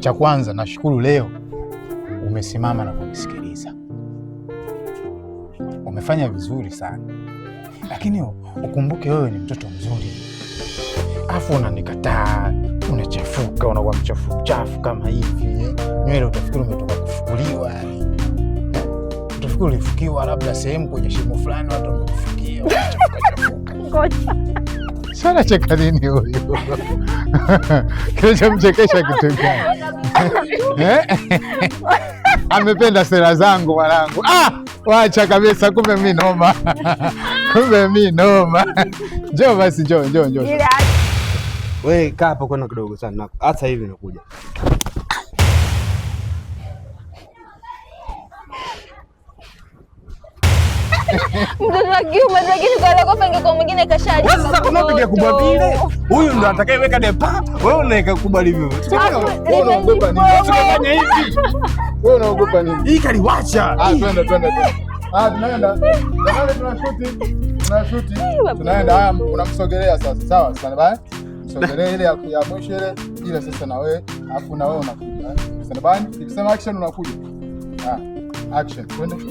Cha kwanza nashukuru leo umesimama na kunisikiliza, umefanya vizuri sana, lakini ukumbuke wewe ni mtoto mzuri, afu unanikataa, unachafuka, unakuwa mchafu chafu kama hivi, nywele utafikiri umetoka kufukuliwa, utafikiri ulifukiwa labda sehemu kwenye shimo fulani, watu wamekufukia, unachafuka chafuka sana cheka nini huyu? kinachomchekesha kitu gani? Amependa sera zangu mwanangu. Ah, wacha kabisa, kumbe mi noma kumbe mi noma. Njoo basi, njoo njoo njoo. Wewe kaa hapo, kwenda kidogo sana, hata hivi nakuja. mtoto wa kiume akilikoalogopa ingekuwa mwingine kashaje. Sasa kama piga kubwa vile, huyu ndo atakayeweka depa, wewe unaweka kubwa hivyo. Tunafanya hivi. Wewe unaogopa nini? Hii kaliwacha. Ah, twende twende. Ah, tunaenda. Tunashuti. Tunashuti. Tunaenda. Ah, Unakusogelea sasa. Sawa, sana bye. Sogelea ile ya mwisho ile ile sasa na wewe, afu na wewe unakuja. Sana bye. Ukisema action unakuja. Ah, action. Twende.